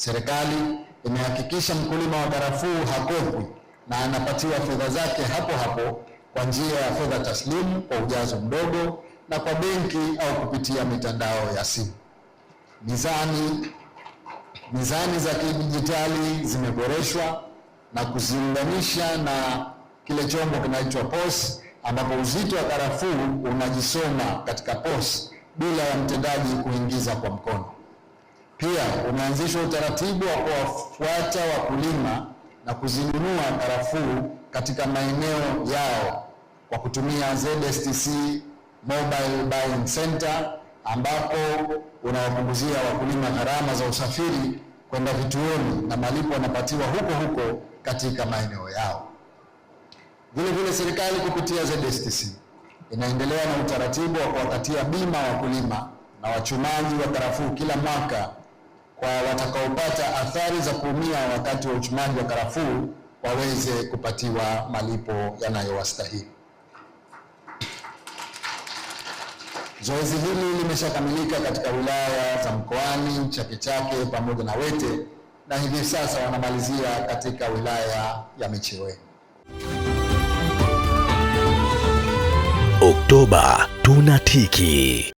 Serikali imehakikisha mkulima wa karafuu hakopwi na anapatiwa fedha zake hapo hapo kwa njia ya fedha taslimu kwa ujazo mdogo na kwa benki au kupitia mitandao ya simu. Mizani mizani za kidijitali zimeboreshwa na kuziunganisha na kile chombo kinaitwa POS ambapo uzito wa karafuu unajisoma katika POS bila ya mtendaji kuingiza kwa mkono. Pia umeanzishwa utaratibu wa kuwafuata wakulima na kuzinunua karafuu katika maeneo yao kwa kutumia ZSTC Mobile Buying Center, ambapo unawapunguzia wakulima gharama za usafiri kwenda vituoni na malipo yanapatiwa huko huko katika maeneo yao. Vile vile serikali kupitia ZSTC inaendelea na utaratibu wa kuwakatia bima wakulima na wachumaji wa karafuu kila mwaka kwa watakaopata athari za kuumia wakati wa uchumaji wa karafuu waweze kupatiwa malipo yanayowastahili. Zoezi hili limeshakamilika katika wilaya za Mkoani, Chake Chake pamoja na Wete na hivi sasa wanamalizia katika wilaya ya Micheweni. Oktoba tunatiki.